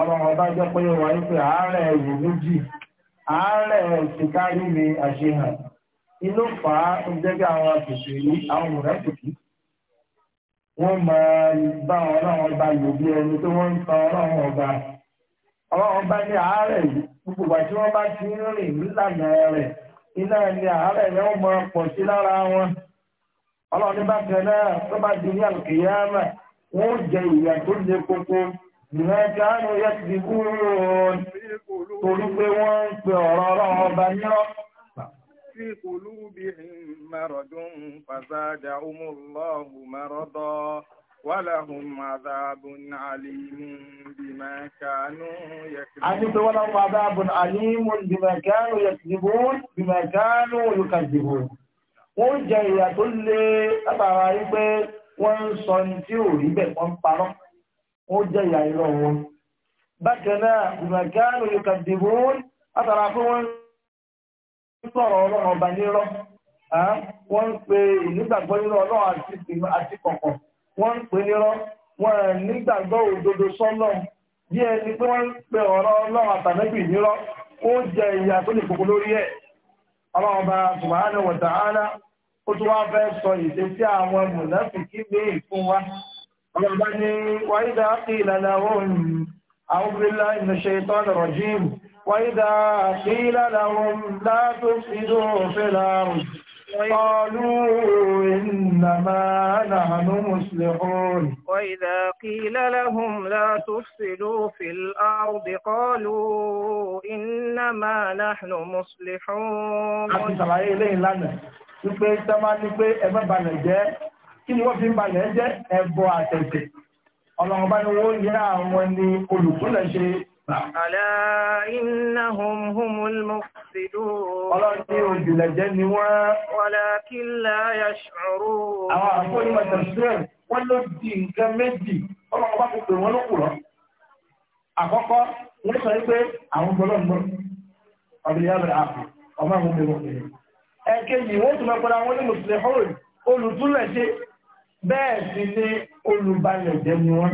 ọlọ́run ọba jẹ́ pé wà ní pé ààrẹ ẹ̀yẹ méjì ààrẹ ìsìnkárí ni àṣehàn inú fà á ń jẹ́ bí àwọn àṣìṣe ní àwọn mùrẹ́sìkì wọ́n máa bá ọlọ́run ọba lò bí ẹni tó wọ́n ń tan ọlọ́run ọba ọlọ́run ọba ní ààrẹ yìí gbogbo ìgbà tí wọ́n bá ti ń rìn nílànà rẹ̀ iná ni ààrẹ rẹ̀ ó máa pọ̀ sí lára wọn ọlọ́run bá tẹ̀ náà tó bá di ní àlùkìyámà wọ́n jẹ ìyà tó le koko bìmọ̀ kánú yẹ ti di kúrò torí pé wọ́n ń pe ọ̀rọ̀ ọlọ́run ọba nírọ́. في قلوبهم مرض فزادهم الله مرضا ولهم عذاب عليم بما كانوا يكذبون ولهم عذاب عليم بما كانوا يكذبون بما كانوا يكذبون wọ́n jẹ ìyà tó lé látara wípé wọ́n ń sọ ní tí ò rí bẹ́ẹ̀ wọ́n ń parọ́ wọ́n jẹ́ ìyà ìrọ̀ wọn bákan náà ìmọ̀kánù yóò kàdìbò wọn látara pé wọ́n sọ̀rọ̀ ọlọ́run ọba nírọ́ wọ́n ń pe ìnígbàgbọ́ nírọ́ ọlọ́run àti kọ̀kọ̀ wọ́n ń pe wọ́n nígbàgbọ́ òdodo sọ́nà bí ẹni pé wọ́n ń pe ọ̀rọ̀ ọlọ́run àtàlẹ́bì nírọ́ ó jẹ ìyà tó lè kókó lórí ẹ̀ ọlọ́run ọba ربني وإذا قيل لهم أعوذ بالله من الشيطان الرجيم وإذا قيل لهم لا تفسدوا في الأرض قالوا إنما نحن مصلحون وإذا قيل لهم لا تفسدوا في الأرض قالوا إنما نحن مصلحون kí ni wọ́n fi ń ba ilẹ̀ jẹ́ ẹbọ àtẹ̀tẹ̀ ọlọ́run bá wọ́n yẹ àwọn ẹni olùkúnlẹ̀ ṣe. Àlá iná hum humul mufsidun. Ọlọ́run ní òjìlẹ̀jẹ́ ni wọ́n. Wàlá kí lá yash'uru. Àwọn àfọ́ ìmọ̀ tẹ̀sílẹ̀ wọ́n ló di nǹkan méjì ọlọ́run kò pè wọ́n ló kù lọ. Àkọ́kọ́ wọ́n sọ pé àwọn gbọ́dọ̀ ń Ọ̀bìnrin yàrá àpò ọmọ àwọn obìnrin. Ẹ̀kejì wọ́n tún lọ pẹ̀lú àwọn olùmùsùlùmí bẹ́ẹ̀ sí ní olùbalẹ̀ jẹ́ ni wọ́n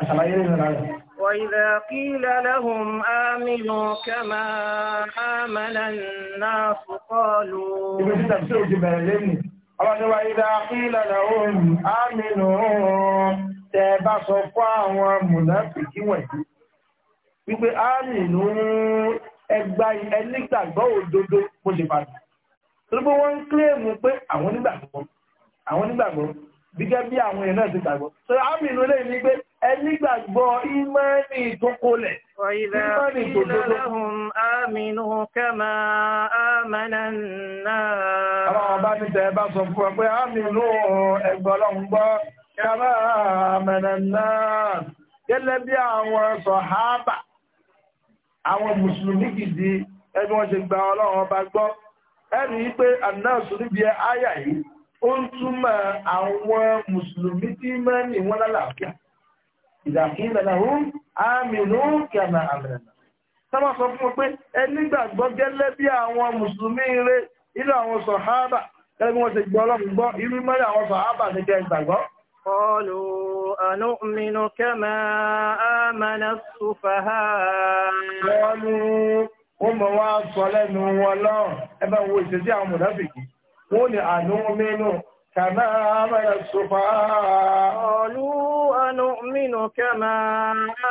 àṣàlàyé ìrìnà rẹ̀. وَإِذَا قِيلَ لَهُمْ آمِنُوا كَمَا آمَنَ النَّاسُ قَالُوا Ibi tí tàbí sí òjì bẹ̀rẹ̀ قِيلَ لَهُمْ آمِنُوا tẹ bá sọ fún àwọn mùnáfìkí wọ̀nyí. Wípé ámìnú ẹgbà ẹnígbàgbọ́ òdodo mo ṣe pàdé. Torí pé wọ́n ń kílèmù pé àwọn nígbàgbọ́, àwọn nígbàgbọ́ gẹ́gẹ́ bí àwọn èèyàn náà ti gbàgbọ́. So, àmì inú lè ní pé ẹni gbàgbọ́ ìmánì tó kólẹ̀. Ìmánì tó dúdú. Àmìnú kẹ́mà àmàlà náà. Àwọn Gẹ́lẹ́ bí àwọn sọ̀hábà, àwọn mùsùlùmí gidi ẹni wọ́n ṣe gba ọlọ́run ọba gbọ́. Ẹni pé àná sùn níbi àyà yìí ó ń túmọ̀ àwọn mùsùlùmí tí máa ń ní wọn lálàáfíà ìdàkín lẹ́nàwó àmìnú kìàmà àmìnà sábà sọ fún pé ẹnígbàgbọ́ gẹ́lẹ́ bí àwọn mùsùlùmí rẹ inú àwọn sọ̀hábà gẹ́gẹ́ bí wọ́n ti gbọ́ ọlọ́run gbọ́ irú mẹ́rin àwọn sọ̀hábà ní kẹ́ ìgbàgbọ́. قالوا أنؤمن كما آمن السفهاء قالوا هم واصلنوا والله ẹbá wo ìṣẹ́sí àwọn قل أنؤمن كما آمن السفهاء قالوا أنؤمن كما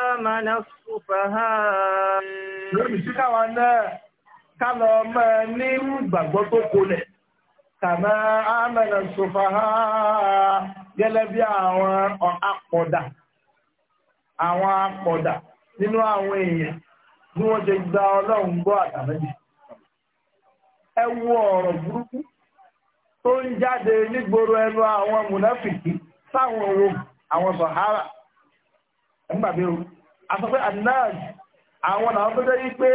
آمن السفهاء lórí sí káwọn náà ká lọ ní gbàgbọ́ tó amana sufaha gẹ́lẹ́ bí àwọn akọ̀dà àwọn akọ̀dà nínú àwọn gba ọlọ́run gbọ́ ẹ wo ọ̀rọ̀ tó ń jáde nígboro ẹnu àwọn mùnáfìkì sáwọn owó àwọn sọ̀hárà ẹgbàgbé o asọ́pẹ́ anáàj àwọn àwọn tó jẹ́ yí pé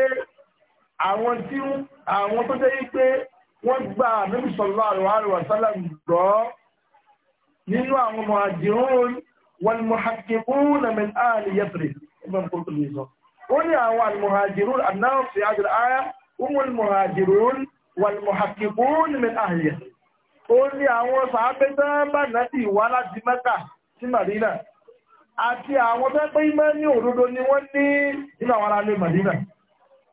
àwọn tí àwọn tó jẹ́ yí pé wọ́n gba ànábì sallallahu alaihi wasallam gbọ́ nínú àwọn muhajirun wal muhaqqiqun min ahli Yathrib ẹgbẹ́ nǹkan tó lè sọ. ó ní àwọn al-muhajirun sí àjọ àyà umul muhajirun wal muhaqqiqun min ahli Yathrib ó ní àwọn sàábé tó bá nàbì wá láti mẹ́kà sí màdínà àti àwọn tó pé imẹ́ ní òdodo ni wọ́n ní nínú àwọn ará ilé màdínà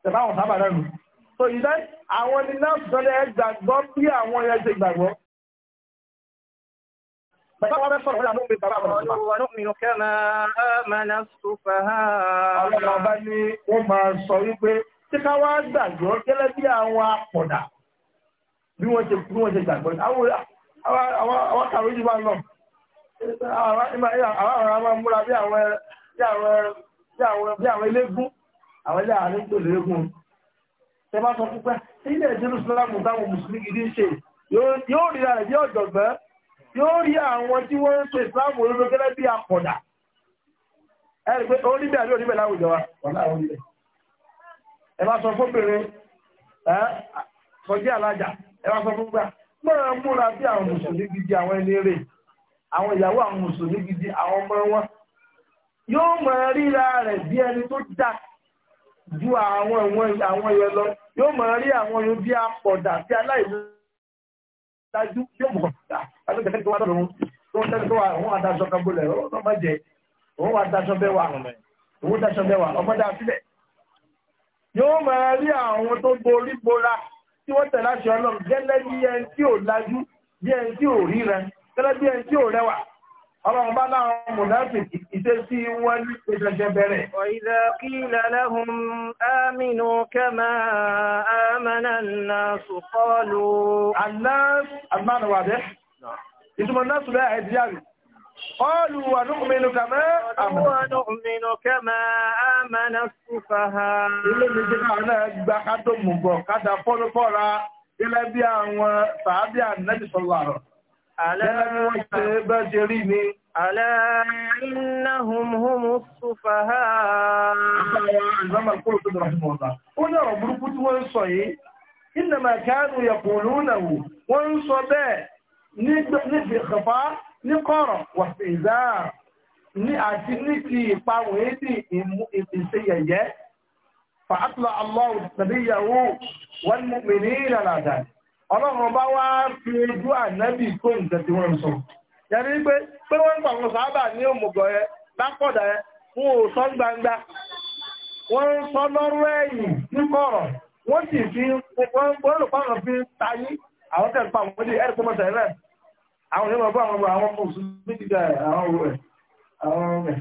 tẹ̀lá àwọn sábà náà nù so ìdá àwọn ni náà sọ́lẹ̀ ẹ gbàgbọ́ bí àwọn ẹ̀ ṣe gbàgbọ́ ونؤمن كما آمن السفهاء Ọlọ́run ọba ni ó máa sọ wípé tí ká wá gbàgbọ́ gẹ́lẹ́ bí àwọn apọ̀dà bí wọ́n ṣe bí wọ́n ṣe gbàgbọ́ àwọn kàwé yìí máa ń lọ àwọn ará máa múra bí àwọn eléégún àwọn ilé àárín tó léégún tẹ bá sọ pípẹ́ ilé Jerúsálẹ́mù táwọn mùsùlùmí gidi ń ṣe yóò rí rẹ̀ bí ọ̀jọ̀gbọ́n yóò rí àwọn tí wọ́n ń ṣe ìsìláàmù olóró gẹ́gẹ́ bí apọ̀dà ẹ̀rì pé oníbẹ̀ àbí oníbẹ̀ láwùjọ wa wọ́n láwọn oníbẹ̀ ẹ bá sọ fóbìnrin ẹ sọjí alájà ẹ wá sọ fún gbà máa múra bí àwọn mùsùlùmí gidi àwọn ẹni rè àwọn ìyàwó àwọn mùsùlùmí gidi àwọn ọmọ wọn yóò mọ̀ ríra rẹ̀ bí ẹni tó dà ju àwọn ìwọ̀n àwọn yẹn lọ yóò mọ̀ rí àwọn yóò bí apọ̀dà sí aláìlú dájú yóò mọ̀ kọ̀ọ̀dà alóògbé tó wà lọ́dọ̀ wọn tó ń tẹ́lẹ̀ tó wà òun àdáṣọ kan gbọ́lẹ̀ ọ̀rọ̀ má jẹ òun wà dáṣọ bẹ́ẹ̀ wà òun dáṣọ bẹ́ẹ̀ wà ọmọdé àfilẹ̀ yóò mọ̀ rí àwọn tó borí bora tí wọ́n tẹ̀lé àṣẹ ọlọ́run gẹ́lẹ́ bí ẹni tí ò lajú bí ẹni tí ò ríran gẹ́lẹ́ bí ẹni tí ò rẹwà ọlọ́run bá láwọn mùnáfìkì ìṣesí wọn ní ìṣẹ̀ṣẹ̀ bẹ̀rẹ̀. وإذا قيل لهم آمنوا كما آمن الناس قالوا. الناس المعنى واضح. ìtumọ̀ náà sùn bẹ́ẹ̀ ẹ̀dí àrùn. قالوا ونؤمن كما ونؤمن كما آمن السفهاء ilé mi ti náà náà gba kádó mú bọ̀ kádà fọ́nufọ́ra ilẹ̀ bí àwọn sàábì ànábì sọ̀rọ̀ àrọ̀. Àlẹ́ bí wọ́n ṣe bẹ́ẹ̀ ṣe rí ni. Àlẹ́ innahum humu sufahaa. Ìgbàmà kúrò tó dọ̀rọ̀ fún ọ̀tá. Ó ní ọ̀rọ̀ burúkú tí wọ́n ń sọ yìí. Innama kanu yaquluna wò. Wọ́n ń sọ bẹ́ẹ̀ nígbà níbi ìkàfà ní kọ̀rọ̀ wàsí ìzáà ní àti ní ti ìpawọ̀ èdè ìpèsè yẹ̀yẹ́ fàátùlọ Allahu nabiyyahu wal ọlọ́run bá wá fi ojú ànábì tó wọ́n sọ yẹni pé pé sábà ní òmùgọ̀ yẹ lápọ̀dà yẹ gbangba wọ́n ń sọ lọ́rọ̀ ẹ̀yìn ní wọ́n sì fi lò fi tayí àwọn àwọn onímọ̀ bá àwọn ọmọ àwọn ọmọ òṣù méjì dá àwọn ọmọ rẹ̀ àwọn ọmọ rẹ̀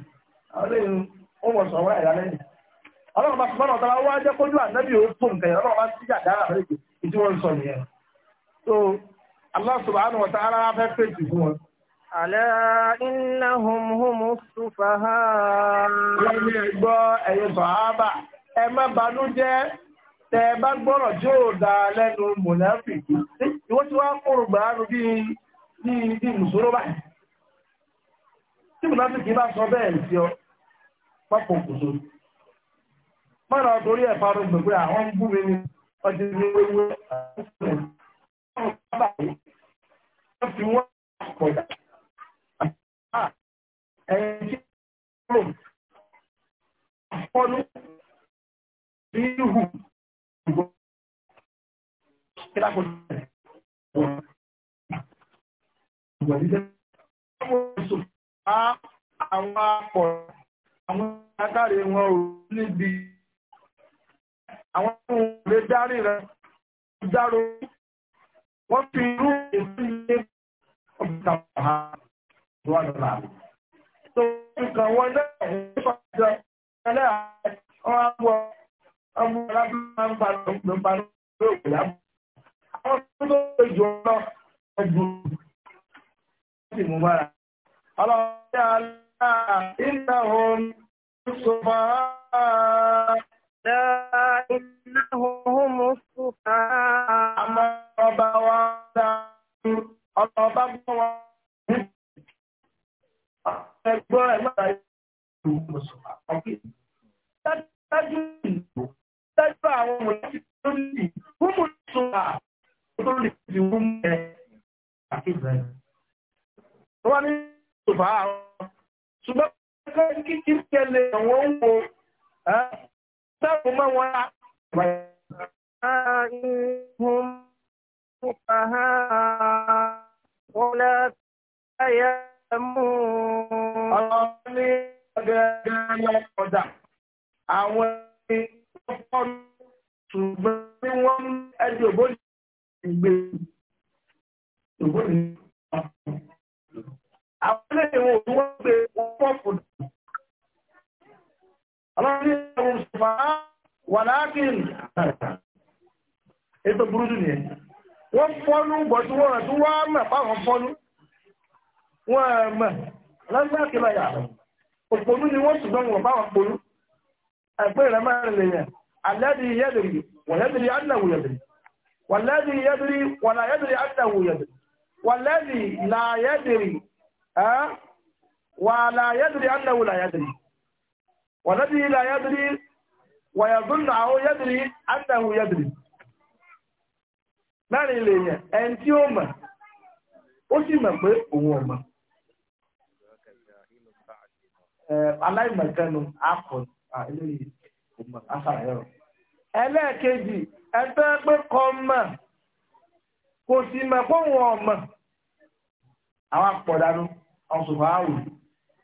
àwọn lẹ́yìn ó wọ̀ sọ̀rọ̀ ẹ̀yà lẹ́yìn ọlọ́run bá sọ̀rọ̀ ọ̀tara wá kójú ànábì ó tó nǹkan yẹn bá sí àdá àrẹ ìdí wọn sọ nìyẹn so Allah fún ní ibi mùsùlùmí báyìí tí mo láti kí bá sọ bẹ́ẹ̀ sí ọ pápọ̀ kòsó mọ́nà torí ẹ̀ parọ́ gbogbo àwọn ń bú mi ní ọdún ní ewu ọ̀sẹ̀ wọ́n fi wọ́n àkọ́dà ẹ̀yìn tí ó rò àfọ́nú bí ihù ìgbọ́ kí lákòókò rẹ̀ wọ́n àwọn akọ̀ àwọn agbáre wọn ò níbi àwọn ohun lè dárí rẹ̀ dáró wọ́n fi irú èsì ilé ọ̀gbìnkà ọ̀há wà lọ́la. tó ń pàṣẹ ẹlẹ́ àwọn ọmọ ọmọ alábìlá ń sì mú bára. Ọlọ́run yàrá ìdáhùn ṣùgbọ́n ìdáhùn ṣùgbọ́n. Àmọ́ ọba wa dá ọba bọ́ wa. Ẹgbọ́n ẹgbọ́n wọn òun wọ́n gbé púpọ̀ fòdù. Ọlọ́run ní ẹ̀rùn ṣùfà wà láàkín ètò burúkú nìyẹn. Wọ́n fọ́nú bọ̀ tí wọ́n rẹ̀ tí wọ́n mọ̀ báwọn fọ́nú. Wọ́n mọ̀ lọ́gbà ni wọ́n ṣùgbọ́n ولا يدري أنه لا يدري والذي لا يدري ويظن أو يدري أنه يدري láàrin ilé yẹn ẹni tí ó mọ̀ ó sì mọ̀ pé òun ọ̀mọ̀ aláìmọ̀kẹ́nu akọ̀ eléyìí ọmọ aṣàyẹ̀rọ̀ ẹlẹ́ẹ̀kejì ẹgbẹ́ pé kọ́ mọ̀ kò sì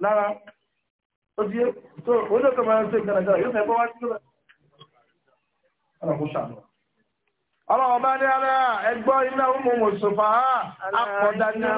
lára ó di tó oníkọ̀ máa ń ṣe nǹkan yóò fẹ́ bọ́ wá sí lọ́wọ́ ọ̀nà kó bá ní ara ẹgbọ́ iná ọmọ mùsùfà àpọ̀dà ní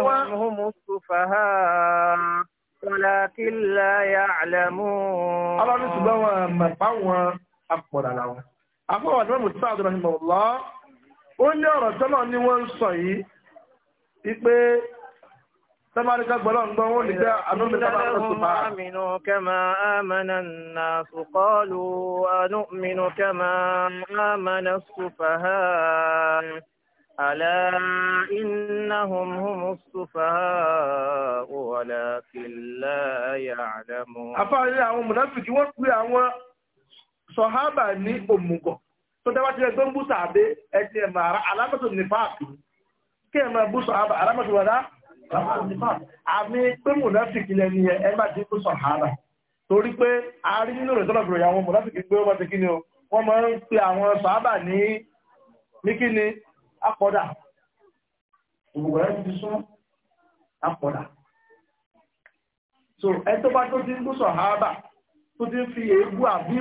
Tọ́bárí ká gbọ́lọ́ ń gbọ́ wọ́n lè jẹ́ àdúgbò bá lọ sí máa. Àmìnú kẹma àmàna nà fùkọ́lù ànúmìnú kẹma àmàna sùfàhà. Àlá innahum humu sùfàhà walakin la ya'lamun. Àfáàrí àwọn mùnáfìkì wọ́n pè àwọn sọ̀hábà ní òmùgọ̀. Tó dáwà ti ẹgbẹ́ ń bú sàbẹ́ ẹ̀sìn ẹ̀mà alámọ̀tò nífààkì. Kí ẹ̀mà bú sọ̀hábà alámọ̀tò wọ̀dá àmì pé mùnáfìkì lẹ́ni yẹn ẹ má dín kó sàhárà torí pé a rí nínú rẹ̀ tọ́lọ̀ ìròyìn àwọn mùnáfìkì pé wọ́n ti kí ni o wọ́n máa ń pe àwọn sàhábà ní ní kí ni akọ̀dà ti sún akọ̀dà so ẹ tó bá tó ti ń kó sàhábà tó ti ń fi èébú àbí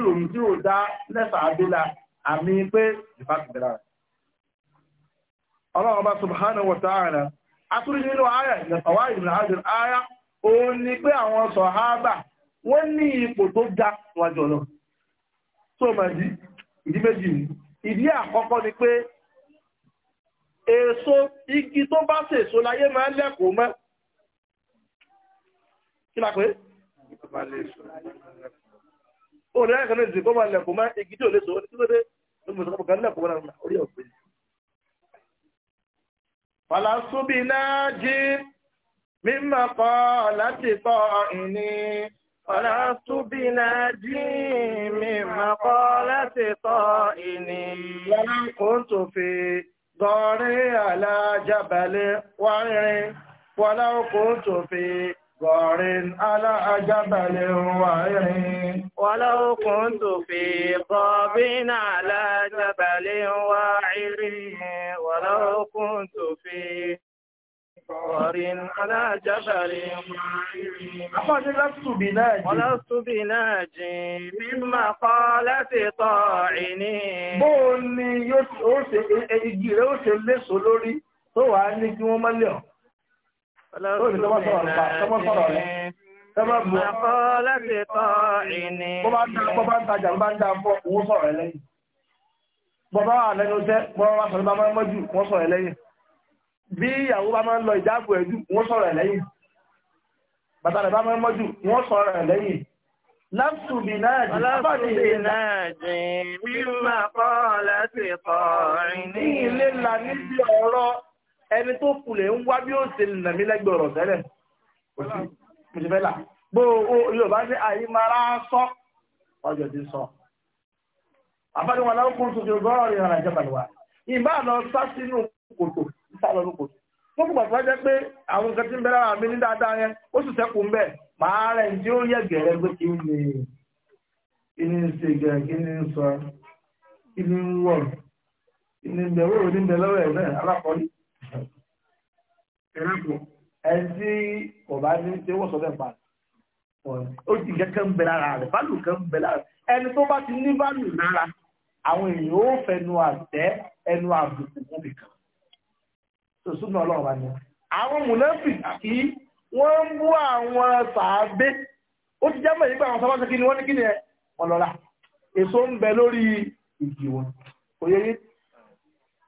ọlọ́run bá subhanahu wa ta'ala atúrí nínú àyà ìyàtọ̀wá ìrìnàjò àyà òun ni pé àwọn sọ̀háábà wọ́n ní ipò tó ga wájọ lọ tó mà dí ìdí méjì ní ìdí àkọ́kọ́ ni pé èso igi tó bá ṣe èso láyé máa ń lẹ́kọ̀ọ́ mọ́ kí la pé ó lẹ́kọ̀ọ́ ní ìdí igi tí ò lè sọ ní kí ló dé Fàlàsúbì náà jí mímọ̀ kọ́ láti kọ́ ìní. Fàlàsúbì náà jí mímọ̀ kọ́ láti kọ́ ìní. Yàrá kò tó fi gọ́rí alájábàlẹ̀ wárin. Wàlá kò tó fi. ضار على جبل وعر ولو كنت في قاب على جبل وعر ولو كنت في قار على جبل ولست بناجي ولست بناجي من مقالة طاعني bóò ni yóò ṣe igi rẹ̀ ó ṣe léṣo lórí olórí tọ́mọ́sọ̀rọ̀ rẹ̀ tọ́mọ́ bu akọ́ láti kọ́ ìní. bọ́ bá ń tajà bá ń da fọ́ wọ́n sọ̀rọ̀ lẹ́yìn bí bí náà jìn. Mímọ̀ kọ́ láti kọ̀ ní ilé ńlá níbi ọ̀rọ̀ ẹni tó kulẹ̀ ń wá bí ó ṣe nàmí lẹ́gbẹ̀ẹ́ ọ̀rọ̀ tẹ́lẹ̀ òṣìfẹ́là gbó yorùbá ní àyímára sọ ọjọ́ ti sọ àbájọ wọn láwọn kóòtù tó gbọ́rọ̀ rìn àrà ìjọba ìwà ìbá lọ sá sínú kòtò sá lọ ní kòtò wọ́n kò gbàgbọ́ jẹ́ pé àwọn nǹkan tí ń bẹ̀rẹ̀ àmì ní dáadáa yẹn ó sì sẹ́kù ń máa rẹ̀ tí ó yẹ gẹ̀rẹ́ pé kí ni kí ṣe gẹ̀rẹ́ kí ni sọ kí ni ń kí ni ń bẹ̀ wọ́n lọ́wọ́ ẹ̀ alákọ̀ọ́lì ẹtí ọba ní ṣe wọ́n sọ́dọ̀ nípa ó ti kẹ́kẹ́ ń bẹ lára rẹ̀ bálù kan ń bẹ lára ẹni tó bá ti ní bálù lára àwọn èèyàn ó fẹnu àtẹ ẹnu àbùkù fún mi kan tó súnmọ́ ọlọ́run wa ni àwọn mùnẹ́fì kí wọ́n ń bú àwọn sàábé ó ti jẹ́ mẹ́rin pé àwọn sábà kí ni wọ́n ní kí ni ẹ ọlọ́lá èso ń bẹ lórí ìdí wọn òye yìí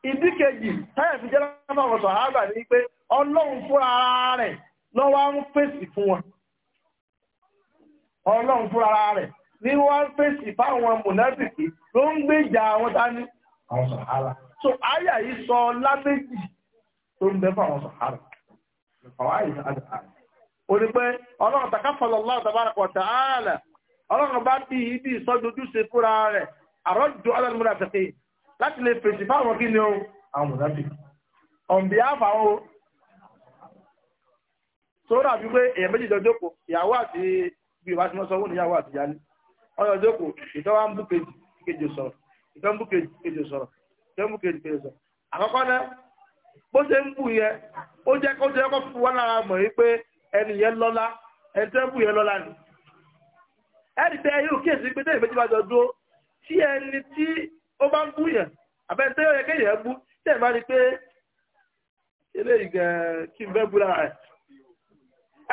ìdí kejì táyà fi jẹ́ láwọn sọ̀rọ̀ àgbà ní pé ọlọ́run fúnra ara rẹ̀ ló wá ń fèsì fún wọn ọlọ́run fúnra ara rẹ̀ ní wọ́n ń fèsì fáwọn mùnáfìkì ló ń gbé ìjà àwọn dání àwọn sàhárà so àyà yìí sọ lábẹ́jì tó ń bẹ fún àwọn sàhárà àwọn àyè àdàrà ó ní pé ọlọ́run takafala Allah tabaraka wa ta'ala ọlọ́run bá bí ibi ìsọ́jojúṣe fúnra rẹ̀ àrọ́jù alẹ́múra fẹ́fẹ́ láti lè fèsì fáwọn kí ni ó àwọn on behalf àwọn tó rà wípé èèyàn méjì jọ jókòó ìyàwó àti bí ìwà tí wọ́n sọ wọ́n ní ìyàwó àti ìyá ní wọ́n jọ jókòó ìtọ́ wa ń bú kejì kejì sọ̀rọ̀ ìtọ́ ń bú kejì sọ̀rọ̀ ìtọ́ ń bú kejì kejì sọ̀rọ̀ àkọ́kọ́ náà bó ṣe ń bù yẹn ó jẹ́ kó jẹ́ kó fi wọ́n lára mọ̀ wípé ẹni yẹn lọ́lá ẹni tẹ́ bù yẹn lọ́lá ni ẹni tẹ́ yóò kíyèsí pé tẹ́lẹ̀ méjì bá jọ dúró tí ẹni tí ó bá ń bú yẹn àbẹ́ni tẹ́lẹ̀ yẹn kéèyàn bú tẹ́lẹ̀ bá rí pé eléyìí gan kí n fẹ́ bú lára ẹ̀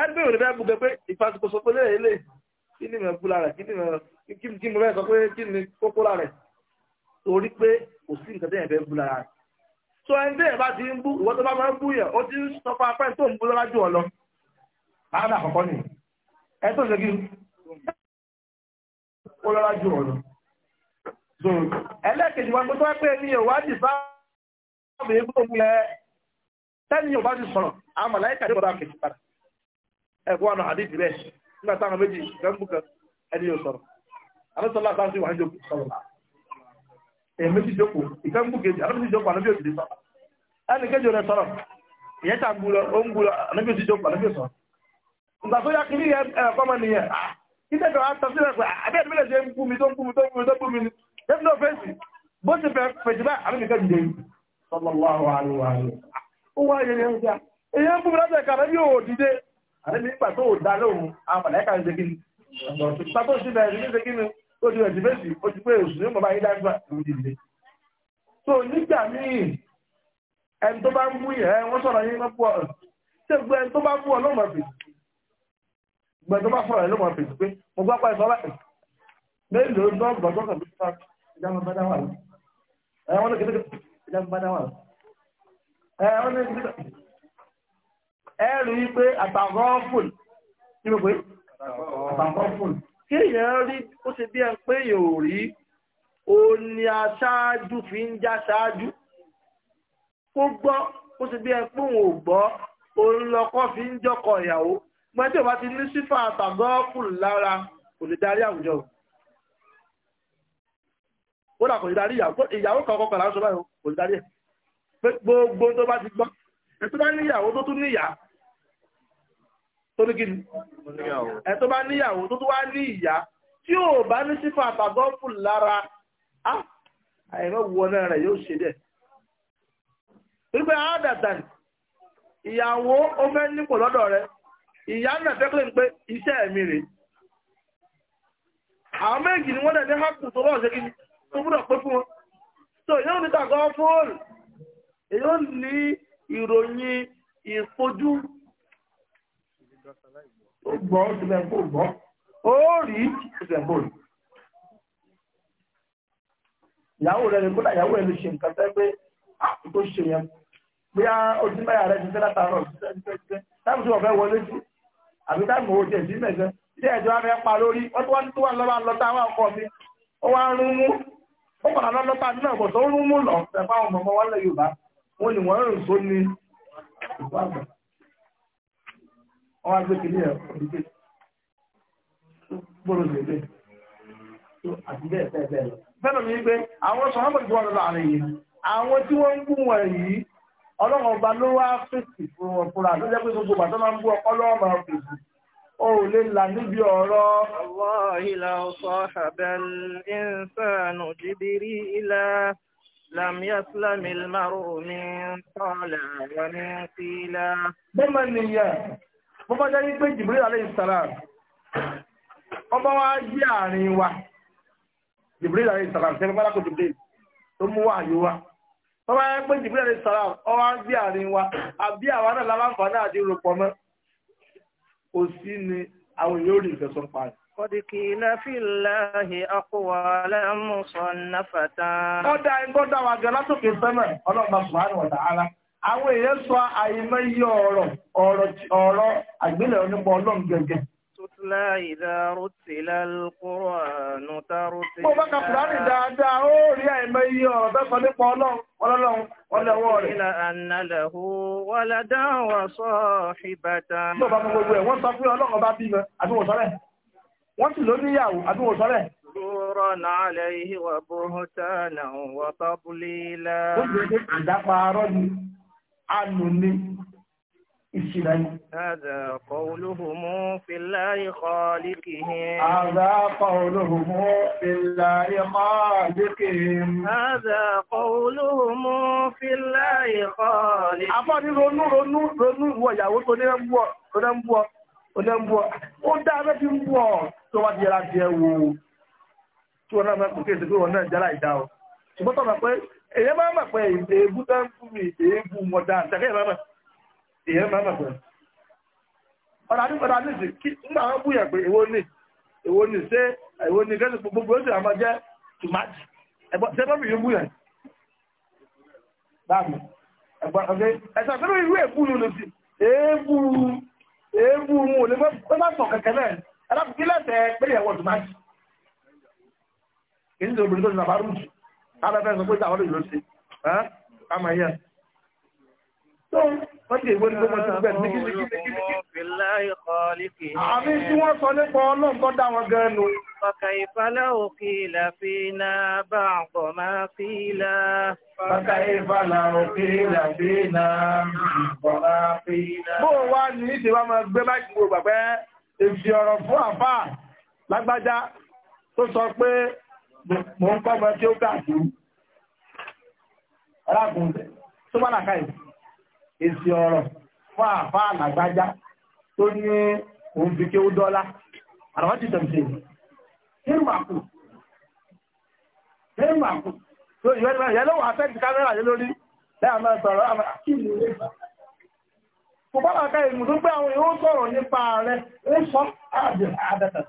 ẹgbẹ́ òní bẹ́ẹ̀ gbogbo pé ìfàsìkò sọ pé lẹ́yìn lè kí ni mẹ́ẹ̀ búra rẹ̀ kí ni mẹ́ẹ̀ kí mo bẹ́ẹ̀ sọ pé kí ni kókó la rẹ̀ torí pé kò sí nǹkan tẹ́yìn bẹ́ẹ̀ búra rẹ̀. sọ ẹni tẹ́yìn bá ti ń bú ìwọ́n tó bá máa ń bú yẹn ó ti ń sọ fún apá ẹ̀ tó ń bú lọ́lájú ọ lọ. àádọ́ àkọ́kọ́ ni ẹ tó ṣe kí ó lọ́lájú ọ lọ. ẹlẹ́kejì wa gbọ́dọ̀ pé mi ò wá dì bá ọ̀bìnrin gbòmù yẹn tẹ́ni ò bá ti sọ̀rọ̀ àwọn màláìkà ẹ̀kọ́ wà nù àdìsí bẹ́ẹ̀ nígbà táwọn méjì gbẹ́mbù kan ẹni yóò sọ̀rọ̀ alẹ́sọ̀lá sáà sí wà ní sọ̀rọ̀ èyí méjì jókòó ìgbẹ́mbù kejì alẹ́sọ̀lá jókòó àná bí òjì sọ̀rọ̀ ẹni kejì rẹ̀ sọ̀rọ̀ ìyẹn tà ń gbúlọ ó ń gbúlọ àná òjì jókòó àná sọ̀rọ̀ ìgbà tó yá kiri yẹn ẹ̀kọ́ mọ nìyẹn ah, kíkẹ́ kan á sọ sílẹ̀ pé ah, àbẹ́ ìdílé ṣe ń bú mi tó ń bú mi tó ń bú mi tó ń bú mi ní ni wà ní. Ah, ó wá yẹn ní àníbi nípa tó da lóhun àmàlẹ́kà ń segin ìpa tó síbẹ̀ ní segin ní ó ti rẹ̀ síbẹ̀ sí ó ti pé òṣù ní mọ̀ báyìí dájú àti ìdílé. tó nígbà míì ẹni tó bá ń mú yẹ wọ́n sọ̀rọ̀ yín lọ́pọ̀ ṣé gbogbo ẹni tó bá mú ọ ló mọ̀ fèsì gbogbo ẹni tó bá fọ̀rọ̀ ẹ ló mọ̀ fèsì pé mo gbọ́ pẹ́ sọ́lá mélòó lọ́gbọ̀n tó kàn bí fún ìjàmbá bá dá wà lọ. ẹ wọ́n ní kékeré ìjàmbá bá dá wà lọ. ẹ wọ́n ẹ̀rù wípé àtàgọ́fùn ní gbogbo àtàgọ́fùn kí èèyàn rí ó ṣe bí ẹn pé yóò rí o ní aṣáájú fi ń já ṣáájú kó gbọ́ ó ṣe bí ẹn pé òun ò gbọ́ òun lọ́kọ́ fi ń jọ́kọ̀ ìyàwó gbọ́n tí ò bá ti ní sífà àtàgọ́fùn lára kò lè darí àwùjọ ó là kò lè darí ìyàwó kan kọkànlá ń sọ báyìí kò lè darí ẹ̀ gbogbo tó bá ti gbọ́ ẹ̀tọ́ bá níyàwó tó tún níyàá torí kí ni ẹ níyàwó tó tó wá ní ìyá tí ò bá ní sífà àtàgọ́fù lára á àìmọ́ wọ náà rẹ̀ yóò ṣe dẹ̀ wípé àádàtà ìyàwó ó fẹ́ nípò lọ́dọ̀ rẹ̀ ìyá náà fẹ́kẹ́lẹ̀ pé iṣẹ́ rè. àwọn méjì ni wọ́n dẹ̀ ní hápù tó ṣe kí ni tó gbúdọ̀ pé fún ó gbọ́ ó ti bẹ́ẹ̀ kó gbọ́ ó rí ó ti bẹ́ẹ̀ kó rí. ìyàwó rẹ̀ ni kódà ìyàwó rẹ̀ ló ṣe nǹkan tẹ́ pé tó ṣe yẹn bí a ojú mẹ́ra rẹ̀ ti fẹ́ látàárọ̀ táàbù tí wọ́n fẹ́ wọlé sí àbí táàbù owó tiẹ̀ sí mẹ́sẹ̀ tí ẹ̀jọ́ á fẹ́ pa lórí wọ́n tí wọ́n tó wà lọ́wọ́ lọ́tà àwọn ọkọ mi ó wá ń rún mú ó kàn án lọ́lọ́pà náà bọ̀ tó ń lọ ṣẹ̀fọ́ àwọn ọmọ wọn lẹ́ Yorùbá wọn ni wọ́n rìn sóni ìfọ́ àgbà ọwọ́ agbẹ́kẹ̀lé ẹ̀ òdìgbẹ́ gbọ́dọ̀ lè lè tó àti bẹ́ẹ̀ bẹ́ẹ̀ bẹ́ẹ̀ lọ. bẹ́ẹ̀ ni wípé àwọn sọ wọn bọ̀dọ̀ lọ́dọ̀ àrẹ yìí àwọn tí wọ́n ń bú wọn yìí ọlọ́run ọba ló wá fèsì fún wọn fúnra ló jẹ́ pé gbogbo bàtọ́ máa ń bú ọkọ lọ́wọ́ máa fèsì o ò lè là níbi ọ̀rọ̀. Allahi law sahabe al-insanu jibrila lam yaslamil mar'u min tala bẹ́ẹ̀ ni ìyá bó bá jẹ́ wípé ala alayhi salam ọba wa yí àárín wa Jibril alayhi salam sẹ́ni bá tó mú wá àyè wa tó bá pé ọba àárín wa àbí àwa náà àti rògbọ̀n mọ́ kò sí ni àwọn èèyàn ò pa rẹ̀. Qad qila fillahi aqwalan dá dá wa gan látòkè sẹ́mẹ̀ àwọn èèyàn sọ àìmọye ọ̀rọ̀ ọ̀rọ̀ àgbélẹ̀ onípa ọlọ́run gẹ́gẹ́. tutla ìdá rútìlá kúránù tá rútìlá. mo bá ka kùránì dáadáa ó rí àìmọye ọ̀rọ̀ bẹ́ẹ̀ sọ nípa ọlọ́run ọlọ́run ọlọ́wọ́ rẹ̀. ìlà ànálẹ̀hu wọlé dáhùn aṣọ ìbàdàn. bí o bá mọ gbogbo ẹ̀ wọ́n sọ pé ọlọ́run ọba bímọ àbí wọ́n sọ bẹ́ẹ̀ sì ló àbí wọ́n sọ bẹ́ẹ̀. àlẹ́ yìí wà bóhótánà wà tábúlélá. Ó àánú ní ìṣìlẹ̀ yìí. Hādhā qawluhum fillāhi khāliqihim. Hādhā qawluhum fillāhi khāliqihim. Hādhā qawluhum fillāhi khāliqihim. Afọ́ni ronú ronú ronú ìwọ ìyàwó tó ní ń bú ọ, tó ní ń ń bú ọ. Ó dá abẹ́ ti ń bú ọ tó wá di ẹra jẹ wo. Tí wọn náà máa kókè sí pé wọn náà jẹ́ láì dá ọ. Ṣùgbọ́n tọ́ èyẹ máa mà pé ìdè ebú tá ń fún mi ìdè ebú wọn dáa ṣàkẹ́ máa mà èyẹ máa mà pé ọ̀rọ̀ ọ̀rọ̀ kí wọn bú pé èwo ni èwo ni ṣé èwo ni gbogbo àmọ́ jẹ́ tòmátì ṣé yóò bú báàmù ọ̀gẹ́ ẹ̀sà pẹ̀lú ló ò lè má sọ kẹ̀kẹ́ náà abẹ́fẹ́ sọ pé ìjà àwọn ìlú ṣe àmà yẹn. tó wọ́n ti ìwé nígbà wọ́n ti gbẹ̀ ní kíni kíni kíni. àmì tí wọ́n sọ nípa ọlọ́run tó dá wọn gan nu. فكيف لو قيل فينا بعض ما قيل فكيف لو قيل فينا بعض ما قيل bó wá ní ìṣe wá máa gbé báyìí gbogbo àpẹ́ èsì ọ̀rọ̀ fún àfà lágbájá tó sọ pé mo ń kọ́ ọmọ tí ó káàkiri ọlágun tó bá nàka yìí èsì ọ̀rọ̀ fún àfa àlàgbájá tó ní òun fi kéwú dọ́là àràwọ̀ ti tẹ̀sí nínú àpò nínú àpò tó ìwé ní ìyẹn lọ́wọ́ afẹ́ ti kámẹ́rà yẹn lórí lẹ́yìn máa sọ̀rọ̀ àmọ́ kí ni ìwé bá kò bá nàka yìí mo tó gbé àwọn èèyàn sọ̀rọ̀ nípa rẹ̀ ó sọ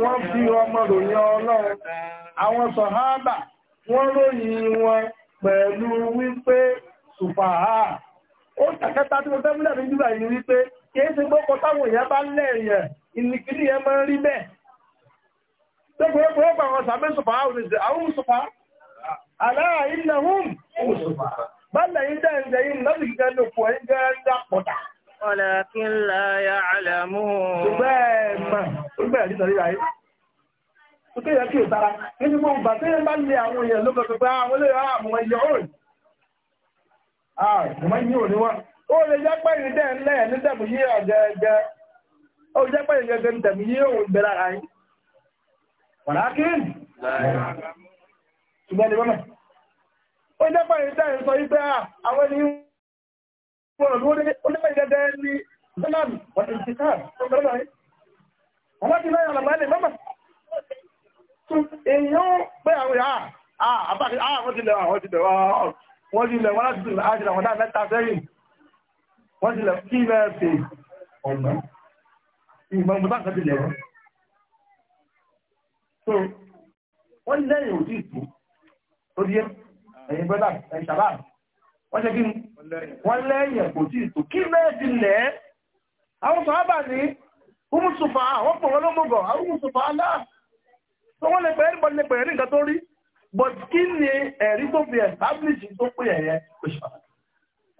Wọ́n fi ọmọ ròyìn ọlọ́run. Àwọn sọ̀háábà wọ́n ròyìn wọn pẹ̀lú wípé ṣùfàá. Ó tàkẹta tí mo fẹ́ múlẹ̀ ní jùlọ ìní wípé kìí ṣe gbọ́kọ̀ táwọn èèyàn bá lẹ́yìn ìnìkìlì ẹ máa ń rí bẹ́ẹ̀. ó gbà wọn ṣùfàá ń jẹ́ yìí gẹ́gẹ́ gẹ́gẹ́ ولكن لا يعلمون Òkè yẹ kí ìtara, nínú mọ́ ìgbà tí yẹn bá lè àwọn èèyàn ló gbogbo pé ah, àwọn olè àwọn ilẹ̀ òòrùn. Àà, ìmọ̀ yìí ò ní wọ́n. Ó lè jẹ́ pẹ́ ìrìndẹ̀ ńlẹ̀ ní tẹ̀mù yí ọ̀gẹ́gẹ́. Ó jẹ́ pẹ́ ìrìndẹ̀ ní tẹ̀mù yí òun bẹ̀rẹ̀ ara yìí. Wàlákìn? Ṣùgbọ́n ni mọ́mọ̀. Ó jẹ́ pẹ́ ìrìndẹ̀ gbọ́nà ló onímọ̀ ìdẹ́dẹ́ ní bọ́láàmì wọ́n ti ká ọgbọ́nà rẹ̀. Àwọn ti láyà àlàmà ilẹ̀ mọ́mà. Tún èèyàn pé àwọn ìyá àbáṣe àwọn ti lẹ̀ àwọn ti lẹ̀ wọ́n ti lẹ̀ wọ́n láti tún àjẹ́ àwọn náà mẹ́ta sẹ́yìn. Wọ́n ti lẹ̀ kí ilẹ̀ ṣe ọ̀gbà. Ìgbọ̀n bàbá kan ti lẹ̀ wọ́n. So wọ́n lẹ́yìn òtí ìtù tó di ẹ̀yìn bọ́lá ẹ̀yìn sàbáà wọ́n ṣe kí ni wọ́n lẹ́yìn kò tí ìtò kí náà ti lẹ̀ ẹ́ àwọn sọ́ábà ní húmùsùfà àwọn pọ̀ wọ́n ló mọ̀gọ̀ àwọn húmùsùfà aláà tó wọ́n lè pẹ̀lú bọ́ọ̀lù lè pẹ̀lú nǹkan tó rí but kí ni ẹ̀rí tó fi establish tó pè ẹ̀yẹ oṣù pàtàkì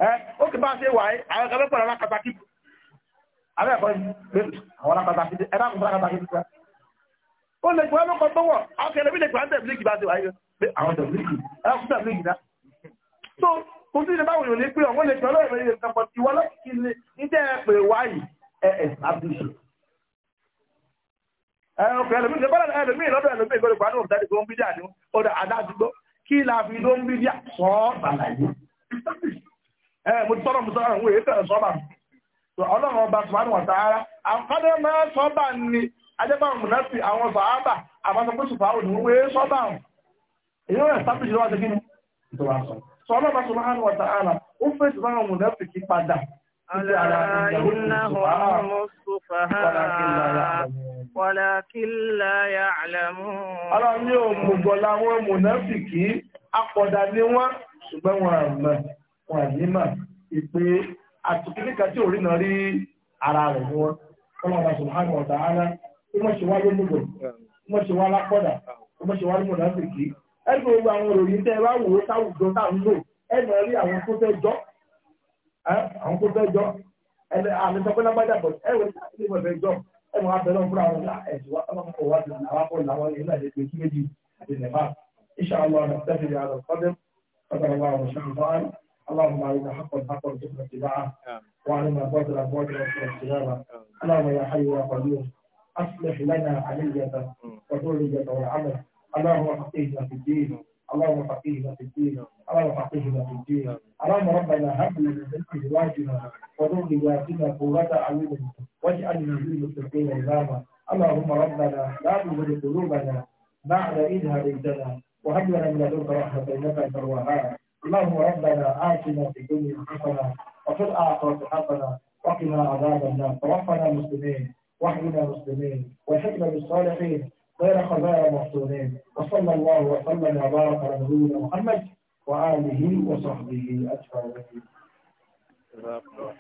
ẹ ó kì bá ṣe wà á àwọn kan lọ́pọ̀ lára kàtàkì abẹ́ ẹ̀kọ́ àwọn kàtàkì ẹ bá kún fún kàtàkì tó ó lè gbọ́ lọ́kọ̀ tó wọ̀ àwọn kẹlẹ́ bí kò sí ní báwọn ìròyìn pé ọ̀wọ́n lè tọ́lọ́ ìròyìn nǹkan pọ̀ tí wọ́n lọ́kì kí ni níjẹ́ pé wáyì ẹ̀ ẹ̀ sábìsì. ẹ ọkọ ẹlòmíì ṣe bọ́lá ẹlòmíì lọ́dọ̀ ẹlòmíì gbọ́dọ̀ pàdé òkúta ní gbọ́n bídíà ni ó dà adájúgbọ́ kí la fi ló ń bídíà sọ ọ́ bàlàyé. ẹ mo ti tọ́lọ̀ mo sọ àwọn èyí fẹ́ràn sọ́bà ọlọ́run ọba sùmánù ọ̀tàrà àkọ́dé máa sọ́bà ni adébáwọn mùnásì àwọn sàábà àbáṣepọ̀ sùfàwọn òdìwọ́ wé sọ́bà èyí ó rẹ̀ sábìsì lọ́wọ́ sọ́lọ́ bá sọ́lọ́ hàn wọ̀ta àlà ó fèsì bá wọn mọ̀dá fìkí padà Ọlọ́run ní òmùgọ̀ láwọn mùnáfìkì apọ̀dà ní wọ́n ṣùgbọ́n wọn àmọ́ wọn àníma ìpé àtùkìníkà tí orí náà rí ara rẹ̀ ní wọn. Ọlọ́run àṣọ hàn wọ̀ta ààrẹ, ó mọ́ ṣe wá lómùgọ̀, ó mọ́ ṣe wá lápọ̀dà, ó mọ́ ṣe wá lómùnáfìkì ẹgbẹ́ owó àwọn òròyìn tẹ́ wá wò ó táwùjọ táwọn lò ẹgbẹ́ rí àwọn tó fẹ́ jọ́ àwọn tó fẹ́ jọ́ ẹgbẹ́ àmì sọ pé lágbájá bọ̀ ẹgbẹ́ tí wọ́n fẹ́ jọ ẹgbẹ́ wọn abẹ́rẹ́ fúnra wọn ẹ̀sùn wa ọlọ́kọ̀ wá sí àwọn akọ̀ làwọn ilé náà lè gbé sí méjì àti nìfà ìṣàlọ́ ọ̀nà tẹ́lẹ̀ ní àlọ́ kọ́dẹ́ ọ̀dọ̀ wa ọ̀rọ̀ ṣàlùfáà لنا علية وذرية والعمل اللهم فقهنا في الدين اللهم فقهنا في الدين اللهم فقهنا في الدين اللهم ربنا هب لنا من ازواجنا وذرياتنا قوة اعين واجعلنا المتقين اماما اللهم ربنا لا تزغ قلوبنا بعد اذ هديتنا وهب لنا من لدنك رحمه انك انت الوهاب اللهم ربنا اتنا في الدنيا حسنه وفي الاخره حسنه وقنا عذاب النار توفنا مسلمين واحينا مسلمين والحكمه بالصالحين غير خزايا المحسونين وصلى الله وسلم وبارك على نبينا محمد وآله وصحبه أجمعين.